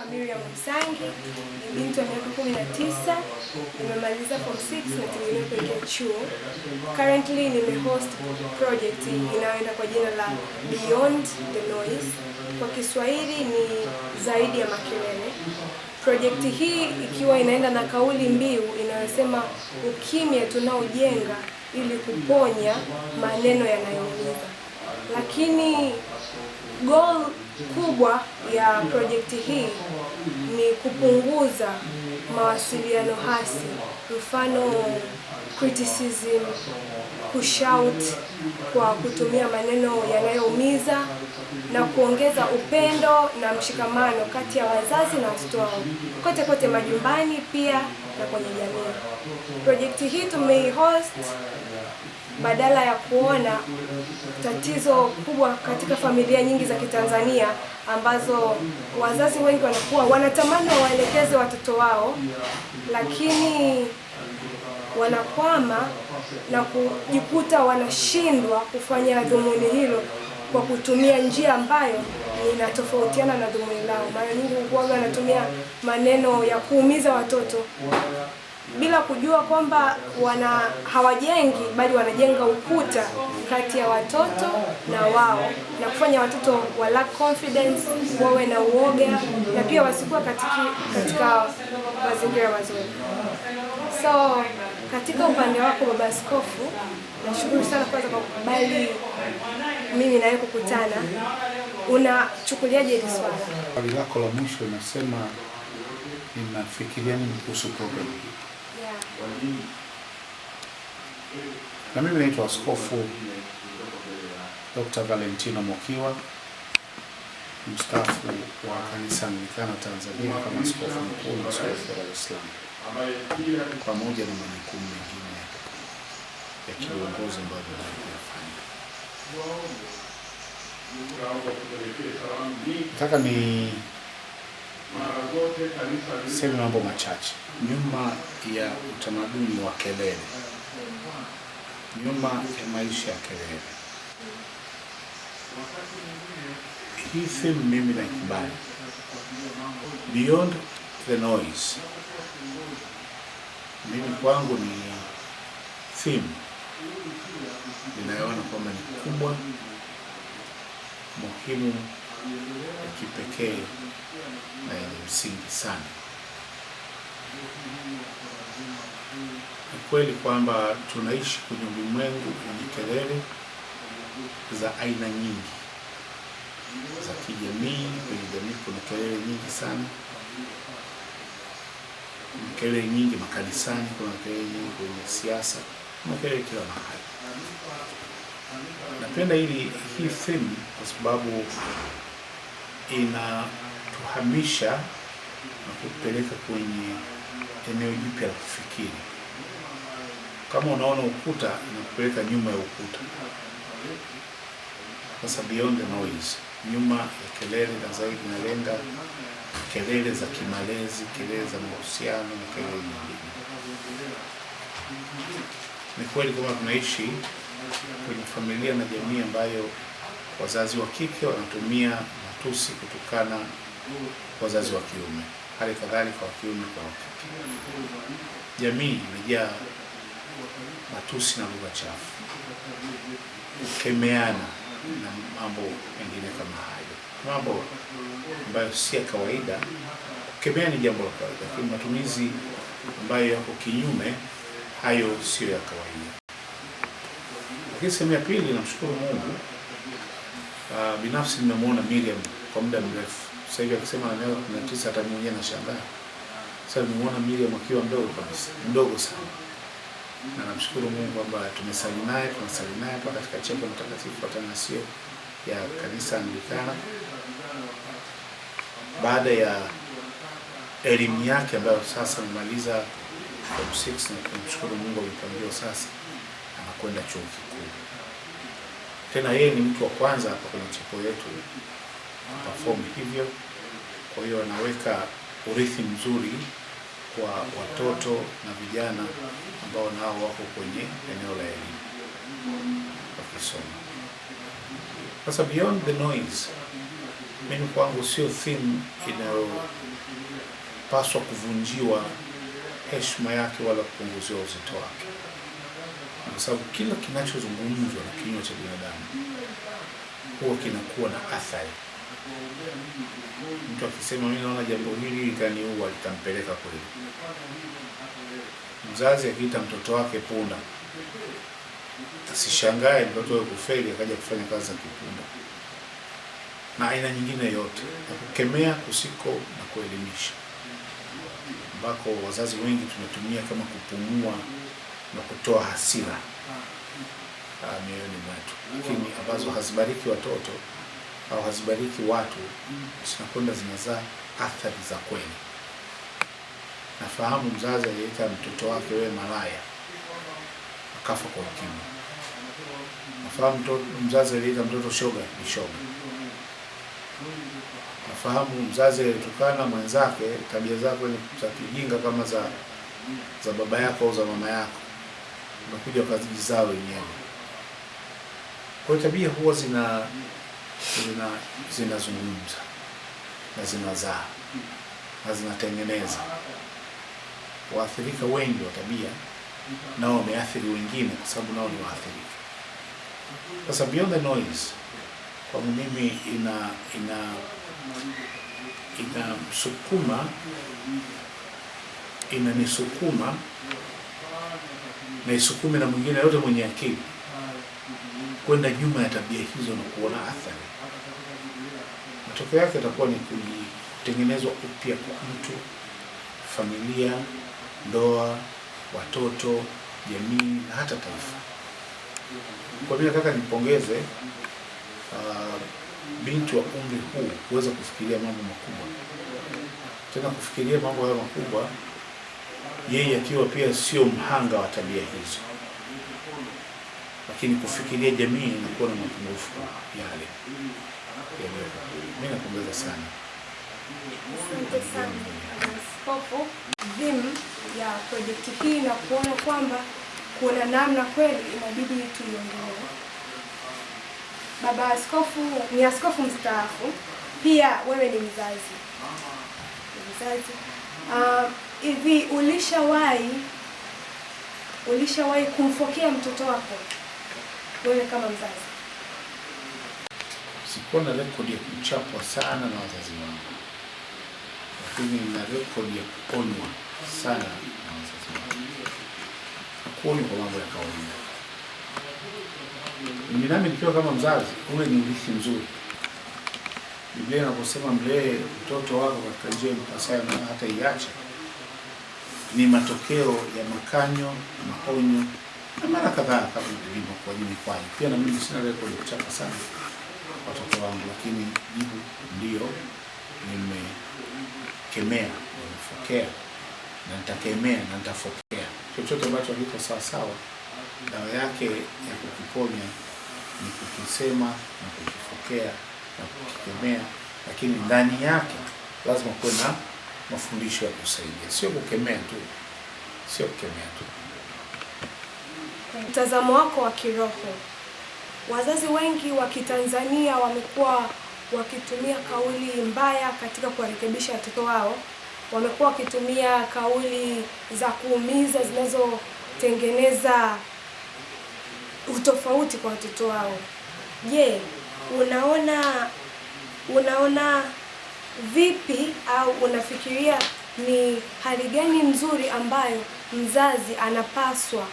naitwa Miriam Msangi, ni binti wa miaka kumi na tisa, nimemaliza form 6 na nategemea kuingia chuo. Currently nimehost project inayoenda kwa jina la Beyond the Noise, kwa Kiswahili ni zaidi ya makelele. Projekti hii ikiwa inaenda na kauli mbiu inayosema ukimya tunaojenga ili kuponya maneno yanayoumiza, lakini goal kubwa ya projekti hii ni kupunguza mawasiliano hasi, mfano criticism, kushout kwa kutumia maneno yanayoumiza na kuongeza upendo na mshikamano kati ya wazazi na watoto wao kote kote majumbani, pia na kwenye jamii. Projekti hii tumeihost badala ya kuona tatizo kubwa katika familia nyingi za Kitanzania ambazo wazazi wengi wanakuwa wanatamani waelekeze watoto wao, lakini wanakwama na kujikuta wanashindwa kufanya dhumuni hilo kwa kutumia njia ambayo inatofautiana na dhumuni lao. Mara nyingi huwaga wanatumia maneno ya kuumiza watoto bila kujua kwamba wana hawajengi bali wanajenga ukuta kati ya watoto na wao, na kufanya watoto wa lack confidence, wawe na uoga na pia wasikuwa katika, katika mazingira mazuri. So katika upande wako Baba Askofu, nashukuru sana kwanza kwa kukubali mimi nawe kukutana. Unachukuliaje hili swala? Swali lako la mwisho inasema ninafikiria nini kuhusu programu hii? Na mimi naitwa Askofu Dr. Valentino Mokiwa mstaafu wa Kanisa Anglikana Tanzania kama askofu mkuu na askofu wa Dar es Salaam, pamoja na majukumu mengine ya kiuongozi ambayo ninayofanya. Nataka ni Sema mambo machache nyuma ya utamaduni wa kelele, nyuma ya maisha ya kelele. Hii theme mimi naikubali, beyond the noise. Mimi kwangu ni theme ninayoona kwamba ni kubwa, muhimu ya kipekee na yenye msingi sana. Ni kweli kwamba tunaishi kwenye ulimwengu wenye kelele za aina nyingi za kijamii. Kwenye jamii kuna kelele nyingi sana, kuna kelele nyingi makanisani, kuna kelele nyingi kwenye siasa, kuna kelele kila mahali. Napenda hili hii theme kwa sababu inatuhamisha na kupeleka kwenye eneo jipya la kufikiri. Kama unaona ukuta, inakupeleka nyuma ya ukuta. Sasa beyond the noise, nyuma ya kelele, na zaidi inalenga kelele za kimalezi, kelele za mahusiano na kelele nyingine. Ni kweli kwamba tunaishi kwenye familia na jamii ambayo wazazi wa kike wanatumia kutusi, kutukana wazazi wa kiume, hali kadhalika wa kiume kwa wa Jamii imejaa matusi na lugha chafu, kukemeana na mambo mengine kama hayo, mambo ambayo si ya kawaida. Kukemea ni jambo la kawaida, lakini matumizi ambayo yako kinyume, hayo siyo ya kawaida. Lakini sehemu ya pili, namshukuru Mungu Uh, binafsi nimemwona Miriam kwa muda mrefu. Sasa hivi akisema anayo na tisa hata mimi mwenyewe nashangaa. Sasa nimemwona Miriam akiwa mdogo kabisa, mdogo sana. Na namshukuru Mungu kwamba tumesali naye, tunasali naye hapa katika chembe mtakatifu sio ya kanisa Anglikana. Baada ya elimu yake ambayo sasa amemaliza form 6 na kumshukuru Mungu amepangiwa sasa anakwenda chuo kikuu. Tena yeye ni mtu wa kwanza hapa kwenye chipo yetu perform hivyo. Kwa hiyo anaweka urithi mzuri kwa watoto na vijana ambao nao wako kwenye eneo la elimu wakisoma. Sasa beyond the noise, mimi kwangu sio theme inayopaswa kuvunjiwa heshima yake wala kupunguziwa uzito wake kwa sababu kila kinachozungumzwa na kinywa cha binadamu huwa kinakuwa na athari. Mtu akisema mimi naona jambo hili litaniua, litampeleka kweli. Mzazi akiita mtoto wake punda, asishangae mtoto wake kufeli akaja kufanya kazi za kipunda na aina nyingine yote na kukemea kusiko na kuelimisha, ambako wazazi wengi tunatumia kama kupumua na kutoa hasira. Ah, mioyoni mwetu, lakini ambazo hazibariki watoto au hazibariki watu, mm. zinakwenda zinazaa athari za kweli. Nafahamu mzazi aliyeita mtoto wake wewe malaya, akafa kwa ukimwi. Nafahamu mzazi aliyeita mtoto shoga, ni shoga. Nafahamu mzazi aliyetukana mwenzake, tabia zako za kijinga kama za za baba yako au za mama yako wanakuja zao wenyewe. Kwa tabia huwa zina zina zinazungumza na zinazaa na zinatengeneza. Waathirika wengi wa tabia nao wameathiri wengine, kwa sababu nao ni waathirika. Sasa Beyond the Noise kwa mimi ina ina inamsukuma inanisukuma na isukume na mwingine yote mwenye akili kwenda nyuma ya tabia hizo na kuona athari. Matokeo yake yatakuwa ni kutengenezwa upya kwa mtu, familia, ndoa, watoto, jamii na hata taifa. Kwa mi nataka nipongeze uh, binti wa umri huu kuweza kufikiria mambo makubwa, tena kufikiria mambo hayo makubwa yeye akiwa pia sio mhanga wa tabia hizo, lakini kufikiria jamii ilikuwa na mapungufu yale. Mimi napongeza sana Askofu ya projekti hii na kuona kwamba kuna namna kweli inabidi tuiongelee. Baba Askofu ni askofu mstaafu, pia wewe ni mzazi, mzazi uh, Hivi ulishawahi ulishawahi kumfokea mtoto wako wewe kama mzazi? Sikuwa na rekodi ya kuchapwa sana na wazazi wangu, lakini na rekodi ya kuonywa sana na wazazi wangu, kuonywa kwa mambo ya kawaida. Mimi nami nikiwa kama mzazi, ule ni urithi mzuri. Biblia inaposema mlee mtoto wako katika njia impasayo, na hata iacha ni matokeo ya makanyo, maonyo na mara kadhaa kama ilivyokuwa jini kwani. Pia na mimi sina rekodi kuchapa sana watoto wangu, lakini jibu ndio nimekemea, nimefokea na nitakemea na nitafokea chochote ambacho kiko sawa sawa. Dawa yake ya kukiponya ni kukisema na kukifokea na kukikemea, lakini ndani yake lazima kuwe na mafundisho ya kusaidia, sio kukemea tu, sio kukemea tu. Mtazamo wako wa kiroho. Wazazi wengi wa Kitanzania wamekuwa wakitumia kauli mbaya katika kuwarekebisha watoto wao. Wamekuwa wakitumia kauli za kuumiza zinazotengeneza utofauti kwa watoto wao. Je, unaona unaona vipi au unafikiria ni hali gani nzuri ambayo mzazi anapaswa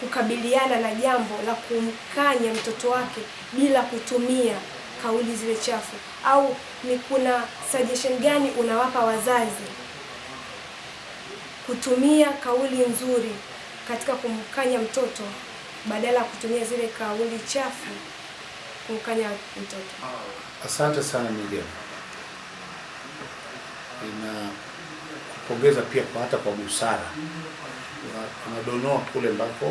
kukabiliana na jambo la kumkanya mtoto wake bila kutumia kauli zile chafu, au ni kuna suggestion gani unawapa wazazi kutumia kauli nzuri katika kumkanya mtoto badala ya kutumia zile kauli chafu kumkanya mtoto? Asante sana Miriam inakupongeza pia kwa hata kwa busara, unadonoa kule ambapo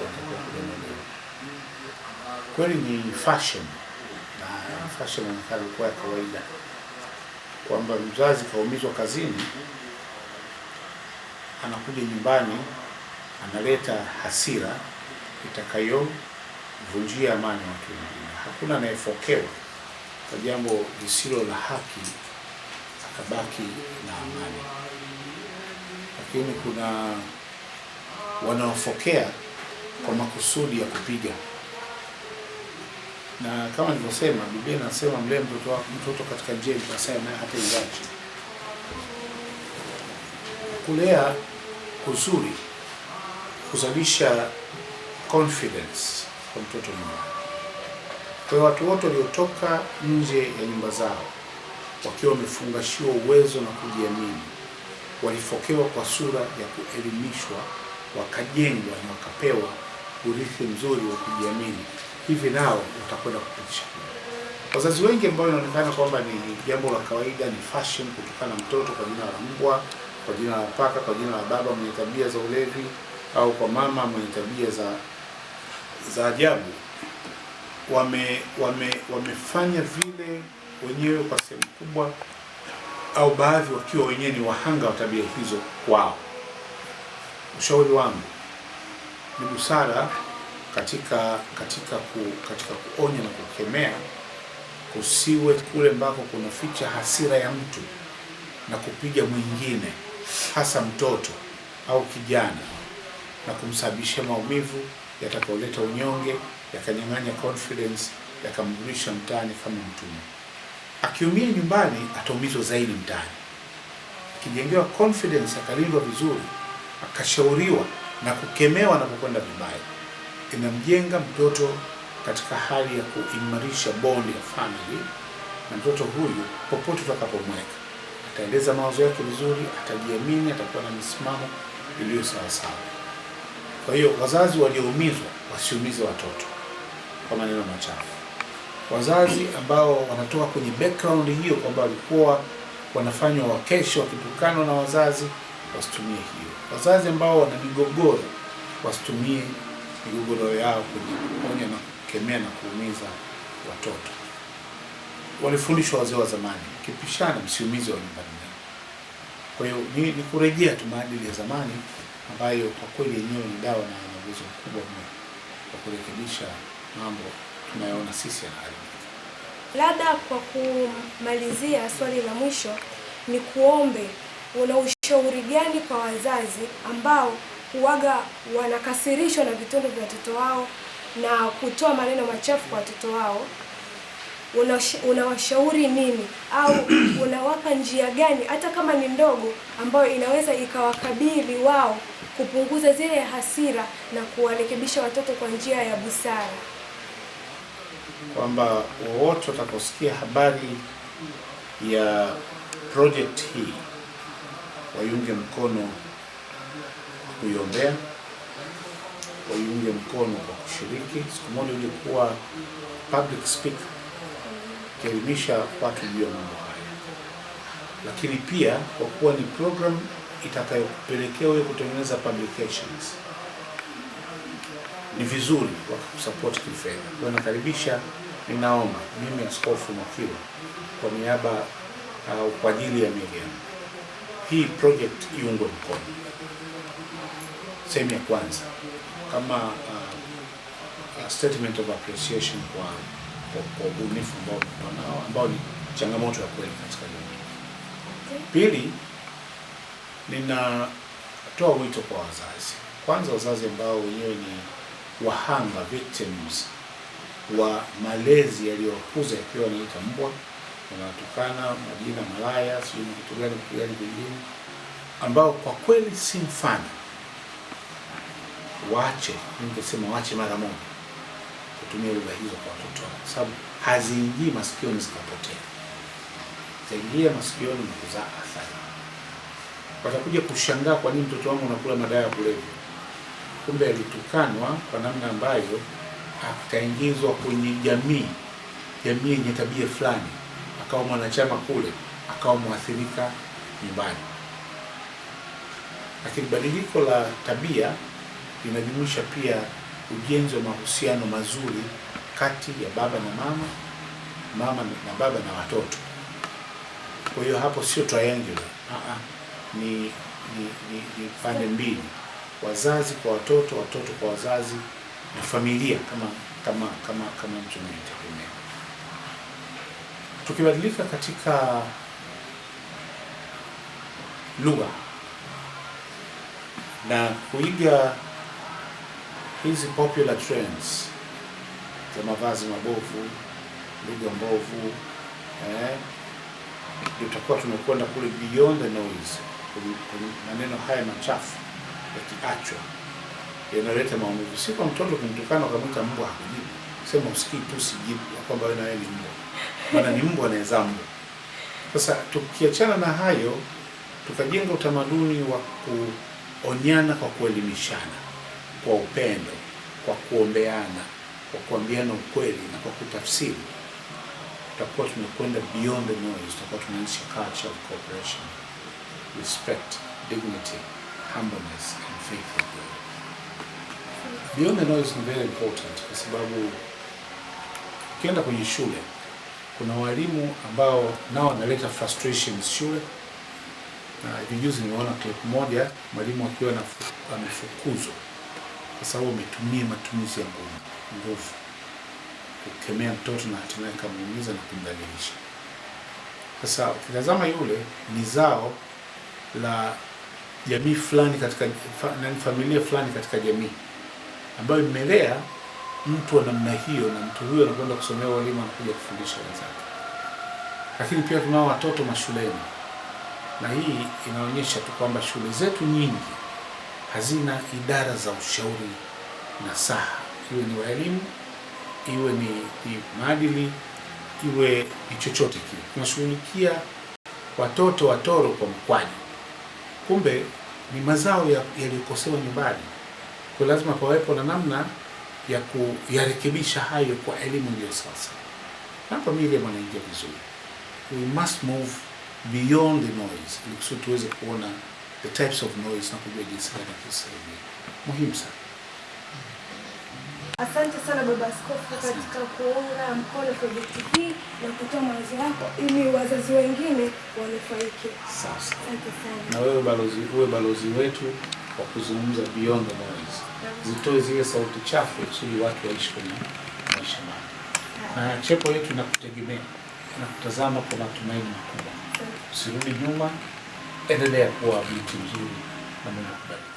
unatakiwa kudonolewa. Kweli ni fashion na fashion inaonekana kuwa ya kawaida kwamba mzazi kaumizwa kazini, anakuja nyumbani analeta hasira itakayovunjia amani watu wengine. Hakuna anayefokewa kwa jambo lisilo la haki akabaki na amani. Lakini kuna wanaofokea kwa makusudi ya kupiga, na kama nilivyosema, Biblia inasema mlee mtoto wako mtoto katika njia ipasayo, naye hata ingaji. Kulea kuzuri kuzalisha confidence kwa mtoto mmoja. Kwa hiyo watu wote waliotoka nje ya nyumba zao wakiwa wamefungashiwa uwezo na kujiamini, walifokewa kwa sura ya kuelimishwa, wakajengwa na wakapewa urithi mzuri wa kujiamini, hivi nao watakwenda kupitisha. Wazazi wengi ambao inaonekana kwamba ni jambo la kawaida, ni fashion kutokana na mtoto kwa jina la mbwa, kwa jina la paka, kwa jina la baba mwenye tabia za ulevi, au kwa mama mwenye tabia za za ajabu, wame wame wamefanya vile wenyewe kwa sehemu kubwa, au baadhi wakiwa wenyewe ni wahanga wa tabia hizo kwao. Ushauri wangu ni busara katika katika ku, katika kuonya na kukemea, kusiwe kule ambako kunaficha hasira ya mtu na kupiga mwingine, hasa mtoto au kijana, na kumsababishia maumivu yatakayoleta unyonge, yakanyang'anya confidence, yakamrudisha mtaani kama mtumwa. Akiumia nyumbani ataumizwa zaidi mtaani. Akijengewa confidence, akalindwa vizuri, akashauriwa na kukemewa na kukwenda vibaya, inamjenga mtoto katika hali ya kuimarisha bondi ya family, na mtoto huyu popote utakapomweka ataeleza mawazo yake vizuri, atajiamini, atakuwa na misimamo iliyo sawasawa. Kwa hiyo wazazi walioumizwa wasiumize watoto kwa maneno machafu wazazi ambao wanatoka kwenye background hiyo kwamba walikuwa wanafanywa wakesho wakitukanwa na wazazi, wasitumie hiyo. Wazazi ambao wana migogoro wasitumie migogoro yao kwenye kuonya na kukemea na kuumiza watoto. Walifundishwa wazee wa zamani, kipishana msiumizi wa nyumbani. Kwa hiyo ni, ni kurejea tu maadili ya zamani ambayo kwa kweli yenyewe ni dawa na ina uwezo mkubwa wa kurekebisha mambo tunayoona sisi yanaharibika. Labda kwa kumalizia, swali la mwisho ni kuombe, una ushauri gani kwa wazazi ambao huwaga wanakasirishwa na vitendo vya watoto wao na kutoa maneno machafu kwa watoto wao? Unawashauri una nini au unawapa njia gani, hata kama ni ndogo, ambayo inaweza ikawakabili wao kupunguza zile hasira na kuwarekebisha watoto kwa njia ya busara? kwamba wowote watakaosikia habari ya project hii waiunge mkono kwa kuiombea, waiunge mkono kwa kushiriki. Siku moja ulikuwa public speaker, ukielimisha watu juu ya mambo haya, lakini pia kwa kuwa ni program itakayopelekea wewe kutengeneza publications ni vizuri wakakusapoti kifedha. Kwa nakaribisha, ninaomba mimi Askofu Makiwa kwa niaba au uh, kwa ajili ya Miriam, hii project iungwe mkono. Sehemu ya kwanza kama uh, statement of appreciation kwa kwa ubunifu ambao ambao ni changamoto ya kweli katika jamii. Pili, ninatoa wito kwa wazazi, kwanza wazazi ambao wenyewe ni wahanga victims wa malezi yaliyokuza yakiwa anaita mbwa, yanawatukana majina malaya, sijui ni kitu gani kitu gani vingine, ambao kwa kweli si mfano. Waache, ningesema waache mara moja kutumia lugha hizo kwa watoto, kwa sababu haziingii masikioni zikapotea, zaingia masikioni na kuzaa athari. Watakuja kushangaa kwa nini mtoto wangu anakula madawa ya kulevya kumbe alitukanwa kwa namna ambayo akaingizwa kwenye jamii, jamii yenye tabia fulani, akawa mwanachama kule, akawa mwathirika nyumbani. Lakini badiliko la tabia linajumuisha pia ujenzi wa mahusiano mazuri kati ya baba na mama, mama na baba na watoto. Kwa hiyo hapo sio triangular, ah, ah. ni ni ni, ni pande mbili wazazi kwa watoto, watoto kwa wazazi na familia kama kama kama kama mtu Tukibadilika katika lugha na kuiga hizi popular trends za mavazi mabovu, lugha mbovu, eh, tutakuwa tumekwenda kule beyond the noise, maneno haya machafu yakiachwa yanaleta maumivu, si kwa mtoto kumtukana ukamwita mbwa hakujibu, sema usikii tu sijibu ya kwamba wewe nawe ni mbwa, maana ni mbwa anaweza mbwa. Sasa tukiachana na hayo, tukajenga utamaduni wa kuonyana kwa kuelimishana, kwa upendo, kwa kuombeana, kwa kuambiana ukweli na kwa kutafsiri, tutakuwa tumekwenda beyond the noise, tutakuwa tunaishi culture of cooperation, respect, dignity humbleness and faith of God. Beyond the noise ni very important kwa sababu ukienda kwenye shule kuna walimu ambao nao wanaleta frustrations shule, na hivi juzi nimeona clip moja mwalimu akiwa amefukuzwa kwa sababu ametumia matumizi ya nguvu kukemea mtoto na hatimaye kamuumiza na kumdhalilisha. Sasa ukitazama yule ni zao la jamii fulani katika fa, familia fulani katika jamii ambayo imelea mtu wa namna hiyo, na mtu huyo anakwenda kusomea walimu, anakuja kufundisha wenzake. Lakini pia tunao watoto mashuleni, na hii inaonyesha tu kwamba shule zetu nyingi hazina idara za ushauri na saha, iwe ni waelimu, iwe ni, ni maadili, iwe ni chochote kile. Tunashughulikia watoto watoro kwa mkwaju kumbe ni mazao yaliyokosewa ya nyumbani. Kwa lazima pawepo na namna ya kuyarekebisha hayo kwa elimu ndio sasa. Hapa Miriam mwanaingia vizuri. We must move beyond the noise ili kusudi tuweze kuona the types of noise na kujua jinsi gani kusaidia. Muhimu sana. Asante sana baba askofu katika kuunga mkono projekti hii na kutoa mawazo yako ili wazazi wengine wanufaike. sasa Na wewe balozi, uwe balozi wetu wa kuzungumza beyond the noise, zitoe zile sauti chafu ili watu waishi kwenye maisha mao, na chepo yetu inakutegemea na kutazama kwa matumaini makubwa. Usirudi nyuma, endelea kuwa mtu mzuri na Mungu akubariki.